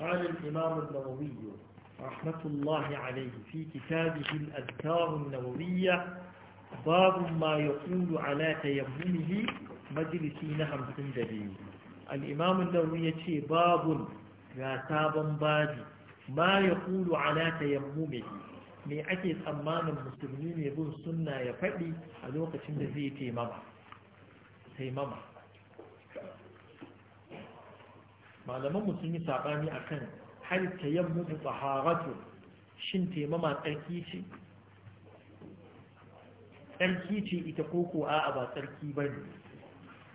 قال الإمام النووي رحمة الله عليه في كتابه الأذكار النووية باب ما يقول على تيممه مجلسين همسن دليل الإمام النووي باب غاتابا بادي ما يقول على تيممه me ake tsammanin musulmi ne bin sunna ya faɗi a lokacin da zai taimama taimama malaman mu sun yi sabani akan hal tayammumu taharatu shin taimama tsarki ce tsarki ce ita koko a ba tsarki ba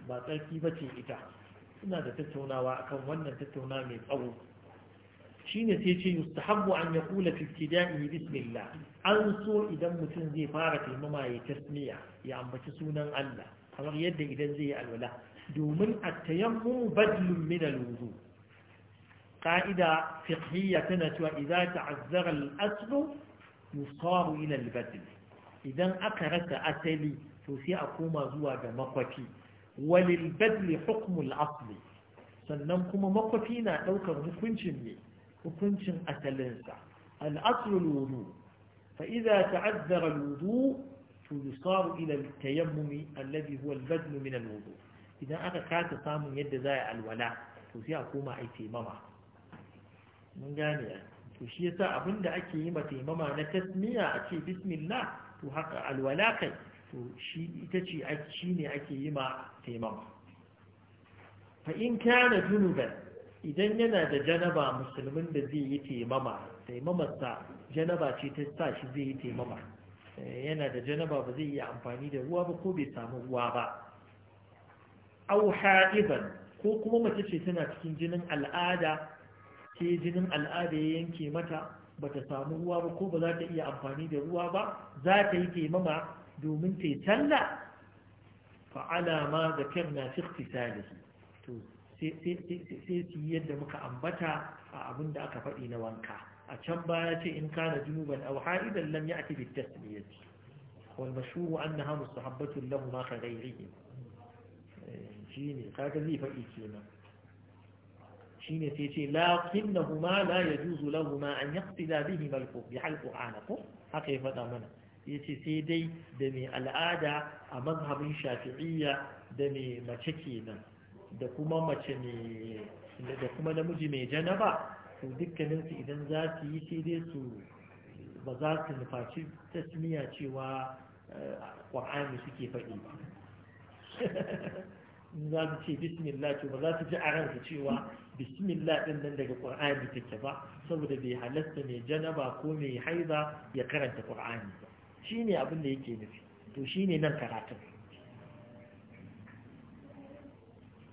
ba tsarki ba ita suna da tattaunawa akan wannan tattauna mai tsawo shine sai ce yustahabbu an yaqula fi ibtida'i bismillah an so idan mutum zai fara taimama ya tasmiya ya ambaci sunan Allah kamar yadda idan zai yi alwala domin at-tayammum badlun min al-wudu' ƙa’ida fiƙhiyya tana cewa iza ta azzarar al’aslu musawaru ila libatil idan aka rasa asali to sai a koma zuwa ga makwafi walil badli hukumul asali sannan kuma makwafi na ɗaukar hukuncin hukuncin asalinsa al’aslu lulu fa iza ta azzarar lulu to musawaru ila tayammumi allabi huwa albadlu idan aka kasa samun yadda za a alwala to sai a koma a taimama mun gane ya to shi yasa abin da ake yi mata imama na tasmiya a ce bismillah to haka alwala to shi ita ce shi ne ake yi ma taimama fa in kana junuban idan yana da janaba musulmin da zai yi taimama taimamarsa janaba ce ta sa shi zai yi taimama eh, yana da janaba ba zai iya amfani da ruwa ba ko bai samu ruwa ba au ha'iban ko kuma mace ce tana cikin jinin al'ada sai jinin al'ada ya yanke mata ba ta samu ruwa ba ko ba za ta iya amfani da ruwa ba za ta yi taimama domin ta yi talla fa'ala ma ga na fikti to sai su yi yadda muka ambata a abin da aka faɗi na wanka a can baya ce in kana junuban aw ha'idan lam ya'ti bi tasmiyati wal mashhur annaha mustahabbatun lahu ma ka ghayrihim eh, shine kaga zai faɗi kenan ne sai ce lakinnahuma la yajuzu lahuma an yaqtida bihi malku bi hal qur'ana ko haka ya faɗa mana yace sai dai da mai al'ada a mazhabin shafi'iyya da mai mace kenan da kuma mace mai da kuma namiji mai janaba to dukkanin su idan za su yi sai dai su ba za su nufaci tasmiya cewa eh, qur'ani suke faɗi ba za su ce bismillah to ba za su ji a ransu cewa bismillah din nan daga qur'ani take ba saboda bai halasta mai janaba ko mai haiza ya karanta qur'ani ba shine abin da yake nufi to shine nan karatun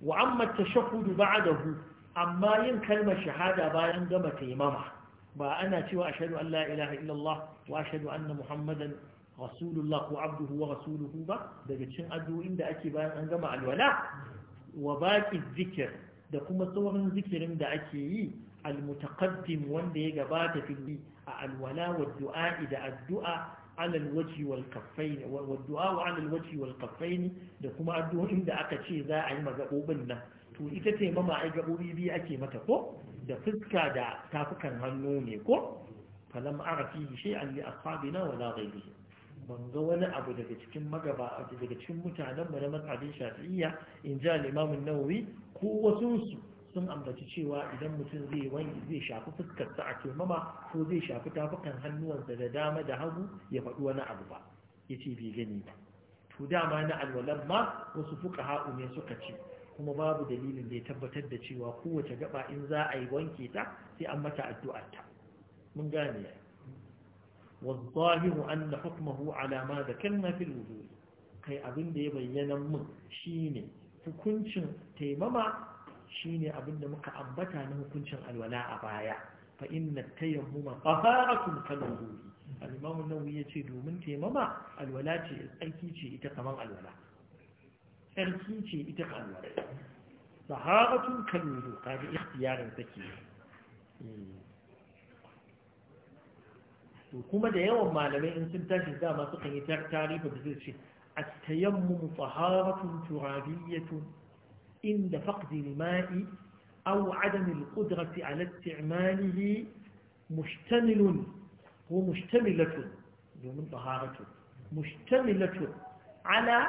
wa amma tashahhud ba'dahu amma yin kalmar shahada bayan gama taimama ba ana cewa ashhadu an la ilaha illallah wa ashhadu anna muhammadan rasulullah ko abduhu wa rasuluhu ba daga cikin addu'o'in da ake bayan an gama alwala wa baqi dhikr da kuma sauran zikirin da ake yi almutaqaddim wanda ya gabata fili a alwala wa du'a da addu'a ala alwaji wal kaffaini wa du'a wal kaffaini da kuma addu'o'in da aka ce za a yi magabobin nan to ita ce mama ai gabobi bi ake mata ko da fuska da tafukan hannu ne ko falam arafi shay'an li ashabina wala ghayrihi ban ga wani abu daga cikin magaba daga cikin mutanen mu na mazhabin shafi'iyya in ja al-imam an-nawawi ko wasunsu sun ambaci cewa idan mutum zai wani zai shafi fuskarsa a tumama ko zai shafi tafukan hannuwansa da dama da hagu ya faɗi wani abu ba ya ce bai gani ba to dama na alwalar ma wasu fuka ha'u ne suka ce kuma babu dalilin da ya tabbatar da cewa kowace gaba in za a yi wanke ta sai an mata addu'ar ta mun gane zahiru anna hukmuhu ala ma ذكرنا fil wudu kai abin da ya bayyana mun shine hukuncin taimama shi abin da muka ambata na hukuncin alwala a baya fa inna tayammuma taharatun kalwuhi al-imam an-nawawi yace domin taimama alwala ce tsarki ce ita kaman alwala tsarki ce ita kaman alwala taharatun kalwuhi kaji ikhtiyarin take eh. to kuma da yawan malamai in sun tashi dama sukan yi tarifa da zai ce التيمم طهارة ترابية عند فقد الماء أو عدم القدرة على استعماله مشتمل ومشتملة يوم طهارة مشتملة على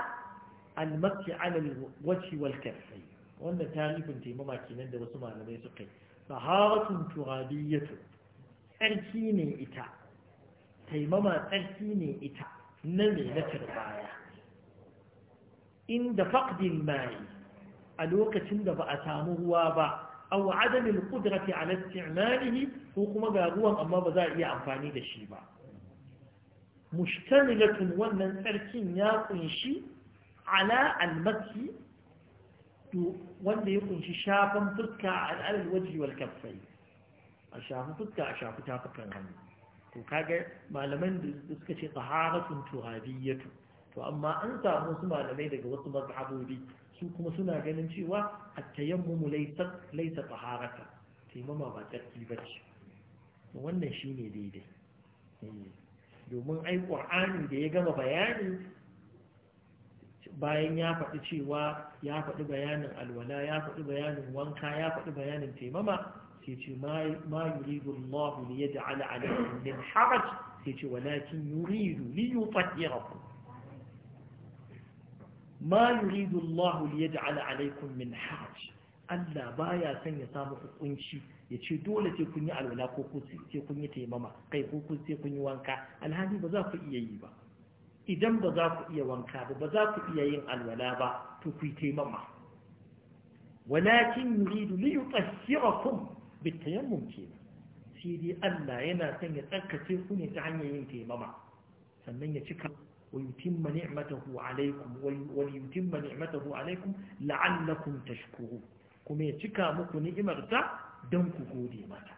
المك على الوجه والكفين وأن تعريف تيمما كنان ده وسمع لما يسقي طهارة ترابية تركيني إتا تيمما تركيني إتا نمي نتر inda faqdil ma'i a lokacin da ba a samu ruwa ba aw adam al a ala isti'malihi ko kuma ga ruwan amma ba za a iya amfani da shi ba mushtamilatun wannan tsarkin ya kunshi ala al wanda ya kunshi shafan fuska a al'adar waji wal kaffai a shafi fuska a shafi tafukan hannu to kaga malaman da suka ce taharatun turabiyyatu to amma an samu su malamai daga wasu mazhabobi su kuma suna ganin cewa at tayammum laysa laysa taharata taimama ba tsarki bace wannan shine daidai eh, domin ai qur'ani da ya gama bayani bayan ya faɗi cewa ya faɗi bayanin alwala ya faɗi bayanin wanka ya faɗi bayanin taimama sai ce ma yuridu Allah li yaj'ala alaykum min haraj sai ce walakin yuridu li yutahhirakum ma yuridu Allah li yaj'al alaykum min haraj Allah baya son ya samu hukunci ya ce dole sai kun yi alwala ko sai kun yi taimama kai ko sai kun yi wanka alhali ba za ku iya yi ba idan ba za ku iya wanka ba ba za ku iya yin alwala ba to ku yi taimama walakin yuridu li yutahhirakum bitayammum kenan sai dai Allah yana son ya tsarkace ku ne ta hanyar yin taimama sannan ya cika ويتم نعمته عليكم وليتم نعمته عليكم لعلكم تشكرون kuma ya cika muku ni'imarta don ku gode mata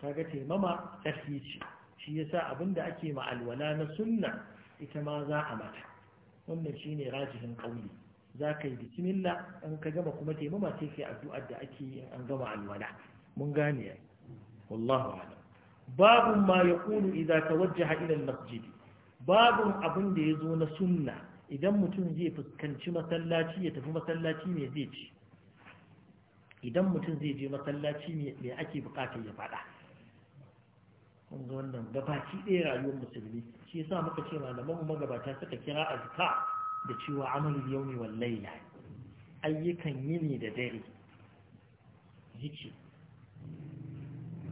kaga taimama tsarki ce shi yasa abinda ake ma alwala na sunna ita ma za a mata wannan shine rajihin ƙauye. za ka yi bismillah an ka gama kuma taimama sai addu'ar da ake yi an gama alwala mun gane wallahu a'lam babu ma yaqulu idza tawajjaha ila babin abin da ya zo na sunna idan mutum zai fuskanci masallaci ya tafi masallaci ne zai ci idan mutum zai je masallaci mai ake bukatar ya faɗa kun ga wannan gabaki ɗaya rayuwar musulmi shi yasa muka ce malaman magabata suka kira azka da cewa amalul yawmi wal layla ayyukan yini da dare yake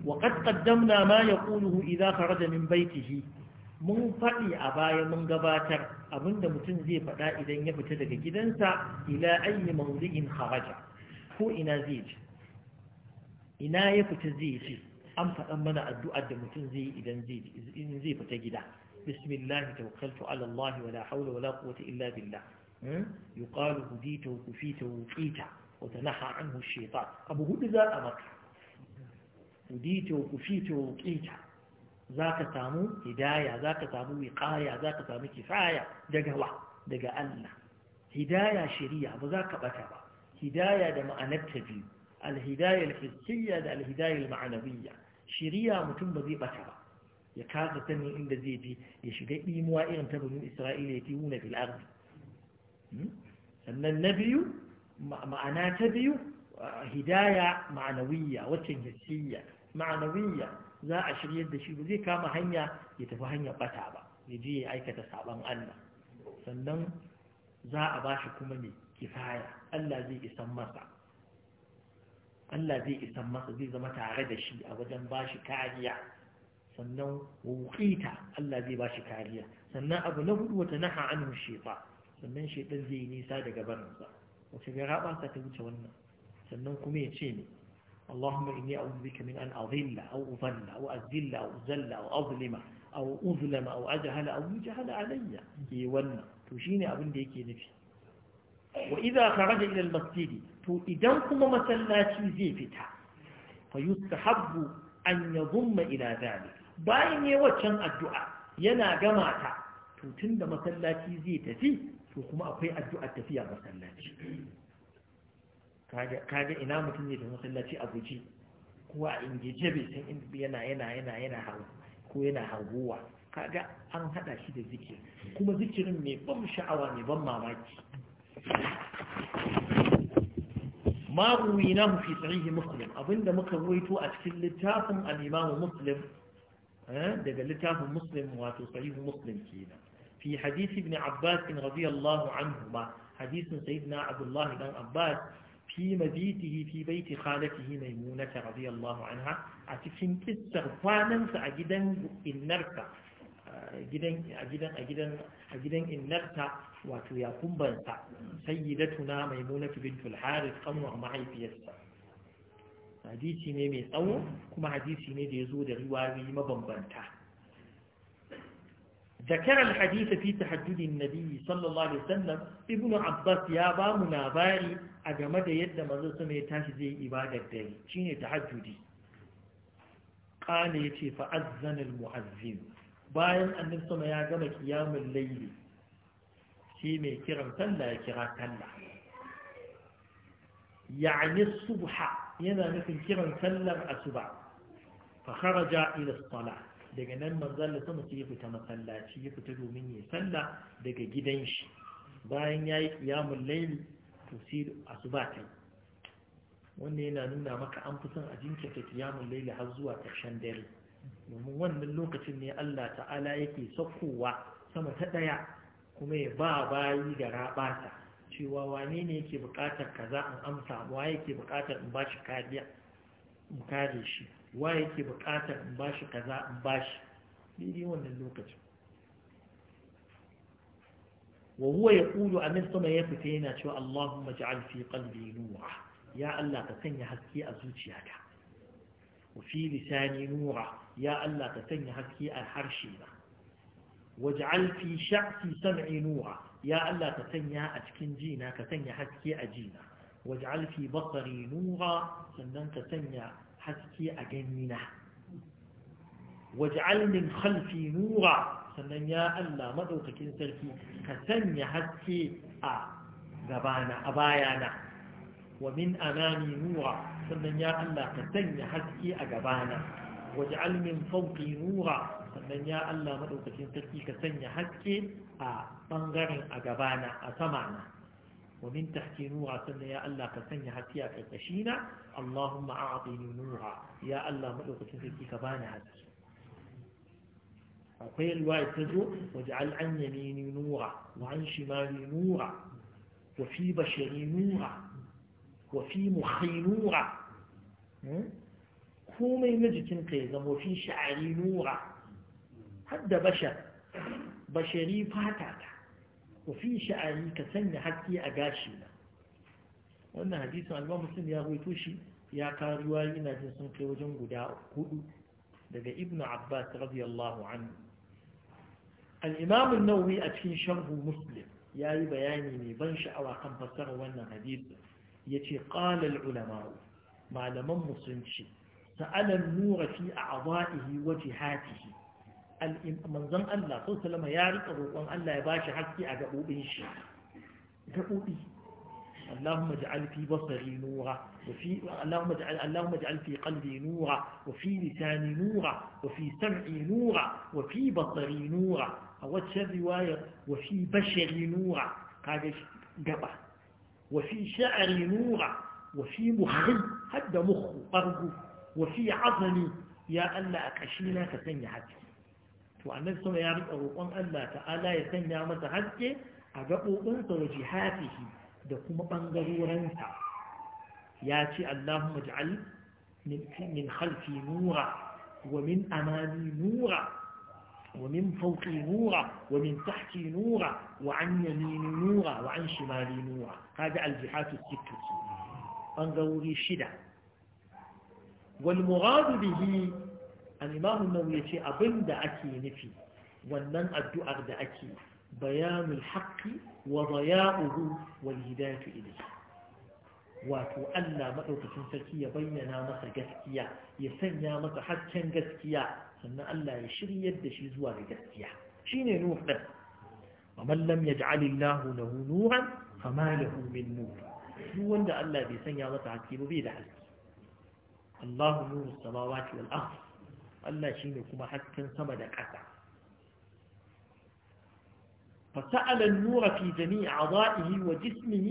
وقد قدمنا ما يقوله إذا خرج من بيته mun faɗi a baya mun gabatar abinda mutum zai faɗa idan ya fita daga gidansa ila ayi mawdu'in kharaja ko ina zai ji ina ya fita zai ji an faɗan mana addu'ar da mutum zai idan zai fita gida bismillah tawakkaltu ala Allah wala hawla wala quwwata illa billah hmm? yuqalu hudita wa kufita wa wa tanaha anhu shaytan abu hudu za a maka hudita wa kufita wa za ka samu hidaya za ka samu wiƙaya za ka samu kifaya daga wa daga Allah hidaya shari'a ba za ka bata ba hidaya da ma'anar ta biyu alhidayar hissiyya da alhidayar ma'anawiyya shari'a mutum ba zai bata ba ya kasa sanin inda zai bi ya shiga imuwa irin ta banu isra'ila ya fi wuna fil hmm? sannan na biyu ma'ana ta biyu hidaya ma'anawiyya wacce hissiyya ma'anawiyya za a shiryar da shi ba zai kama hanya ya tafi hanya bata ba ya je ya aikata saban Allah sannan za a ba shi kuma ne kifaya Allah zai isan masa Allah zai isan masa zai zama tare da shi a wajen ba shi kariya sannan wuƙita Allah zai ba shi kariya sannan abu na hudu wata naha anhu shefa sannan shaitan zai yi nisa daga barinsa wace ga rabansa ta wuce wannan sannan kuma ya ce ne اللهم إني أعوذ بك من أن أضل أو أضل أو أذل أو أذل أو أظلم أو أظلم أو أجهل أو يجهل علي يوانا تشيني أبن ديكي نفي وإذا خرج إلى المسجد تو إذن كما مسلاتي زي فتا فيستحب أن يضم إلى ذلك باين يوچن الدعاء ينا جماعة تو تند مسلاتي زي تفي تو كما أقوي الدعاء تفي مسلاتي kaga ina mutum ne da masallaci a guji ko a ingije bai san inda yana yana yana yana hawo ko yana haguwa kaga an hada shi da zikir kuma zikirin ne ban sha'awa ne ban mamaki ma ruwina fi sahihi muslim abinda muka ruwaito a cikin littafin al-imam muslim eh, daga littafin muslim wato sahihi muslim kenan fi hadisi ibn abbas radiyallahu anhu ma hadisin sayyidina abdullah dan abbas في مبيته في بيت خالته ميمونة رضي الله عنها أتفهم استغفانا فأجدا إنرك أجدا أجدا أجدا أجدا إنرك واتو يا كمبنسا سيدتنا ميمونة بنت الحارث أمر معي في السر حديثي ميمي أو كما حديثي ميدي يزود رواري مبنبنتا ذكر الحديث في تحدد النبي صلى الله عليه وسلم ابن عباس يا بامنا باري a game da yadda manzon sama ya tashi zai yi ibadar dare shine tahajjudi qala yace fa azzana al muazzin bayan annabi sama ya gama qiyamul layli shi mai kiran sallah ya kira sallah ya'ni subha yana nufin kiran sallar asuba fa kharaja ila salah daga nan manzon sama sai ya fita masallaci ya fita domin ya sallah daga gidan shi bayan yayi qiyamul layli tafsir sai asuba wannan yana nuna maka an fi son a jinkirta kiyamun laili har zuwa ƙarshen dare domin wannan lokacin ne Allah ta'ala yake saukowa sama ta ɗaya kuma ya ba bayi da rabata cewa wane ne yake buƙatar kaza in amsa wa yake buƙatar in bashi kariya in kare shi wa yake buƙatar in bashi kaza in bashi daidai wannan lokacin wa ya yaqulu amin sama ya fita yana cewa Allahumma ja'al fi qalbi nura ya Allah sanya haske a zuciyata wa fi lisani nura ya Allah sanya haske a harshe na waj'al fi sha'fi sam'i nura ya Allah ka sanya a cikin jina ka sanya haske a jina waj'al fi basari nura sannan ka sanya haske a ganina waj'al min khalfi nura sannan ya Allah madaukakin sarki ka sanya haske a gabana a bayana wa min amami nura sannan ya Allah ka sanya haske a gabana waj'al min fawqi nura sannan ya Allah madaukakin sarki ka sanya haske a bangaren a gabana a samana ومن تحتي نورا سنة يا الله كسنة هتيا كتشينا اللهم أعطني نورا يا الله مدوك تنسي كبانا هتشينا akwai riwaya ta zo waj'al an yamini nura wa an shimali nura wa fi bashari nura wa fi mukhi nura hmm? komai na jikinka ya zama fi sha'ari nura hadda bashar bashari fata ta wa fi sha'ari ka sanya haske a gashi na wannan hadisin alba muslim ya ruwaito shi ya kawo riwayoyi na jin sun kai wajen guda hudu daga ibnu abbas radiyallahu anhu al-imam an a cikin sharhu muslim yayi bayani mai ban sha'awa kan fassarar wannan hadisi yace qala al-ulama malaman musunci sa'alan nura fi a'dha'ihi wa jihatihi manzon Allah sallallahu ya rika roƙon Allah ya bashi haske a gabobin shi gabobi Allahumma ja'al fi basari nura وفي اللهم اجعل اللهم اجعل في قلبي نورا وفي لساني نورا وفي سمعي نورا وفي بصري نورا أو رواية وفي بشري نورا هذا جبا وفي شعري نورا وفي مخي هذا مخ قرب وفي عظمي يا ألا أكشينا كسني حتى وانا سمع يا رب أروقون ألا تعالى يسني عمد حتى أجابوا أنت وجهاته دكما أنجروا رنسا ياتي اللهم اجعل من خلفي نورا ومن امامي نورا ومن فوقي نورا ومن تحتي نورا وعن يميني نورا وعن شمالي نورا هذا الجهات السته انظروا شدة والمراد به الامام النووي في ابن اكي نفي ونن ادو اكي بيان الحق وضياؤه والهدايه اليه wato Allah madaukakin sarki ya bayyana masa gaskiya ya sanya masa haccen gaskiya sannan Allah ya shiryar da shi zuwa ga gaskiya shine nuh din amman lam yaj'al Allah lahu nuran fama lahu min nur duk wanda Allah bai sanya masa haske ba bai da haske Allah nuru samawati wal ardh Allah shine kuma hasken sama da ƙasa فسأل النور في جميع أعضائه وجسمه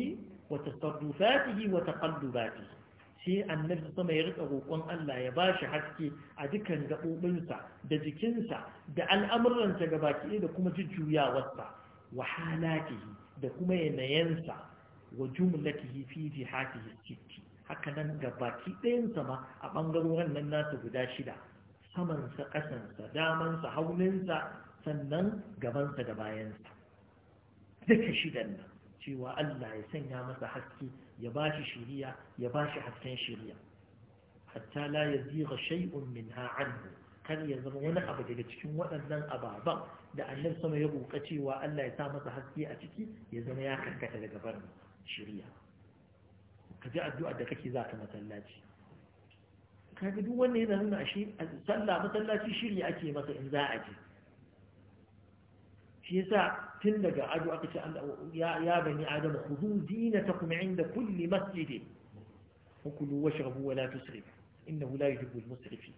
وتصرفاته وتقلباته sai annabi sama ya rika roƙon Allah ya ba shi haske a dukkan gaɓoɓinsa da jikinsa da al'amuransa ga baki da kuma jujjuyawarsa wa halatihi da kuma yanayensa wa jumlatihi fi jihatihi sitti haka nan ga baki ɗayansa ma a ɓangarorin nan nasa guda shida samansa ƙasansa damansa hauninsa sannan gabansa da bayansa duka shidan nan cewa Allah ya sanya masa haske ya bashi shiriya ya bashi hasken shiriya hatta la yazigha shay'un minha anhu kar ya zama wani abu daga cikin waɗannan ababan da annabi sama ya buka cewa Allah ya sa masa haske a ciki ya zama ya karkata daga barin shiriya ka ji addu'a da kake za ka masallaci kaga duk wanda yana nuna ashe sallah masallaci shiri ake masa in za a je shi yasa tun daga ado aka ce ya bani adam khudhu zinatakum inda kulli masjid wa kulu washrabu wa la tusrifu innahu la yuhibbu al-musrifin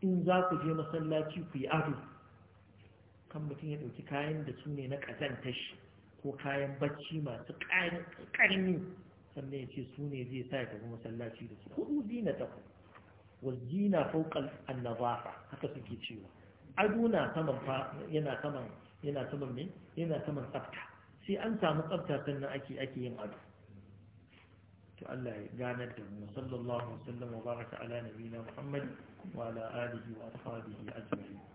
in za ku je masallaci ku yi ado kan mutum ya ɗauki kayan da su ne na ƙazantar ko kayan bacci masu ƙarni sannan ya ce su ne zai sa ya tafi masallaci da su hudu zina ku wa zina fauƙal annabafa haka suke cewa ado na saman fa yana saman yana saman me yana saman tsafta sai an samu tsafta sannan ake ake yin ado to Allah ya ganar da mu sallallahu alaihi wa sallam wa baraka ala nabiyina Muhammad wa ala alihi wa ashabihi ajma'in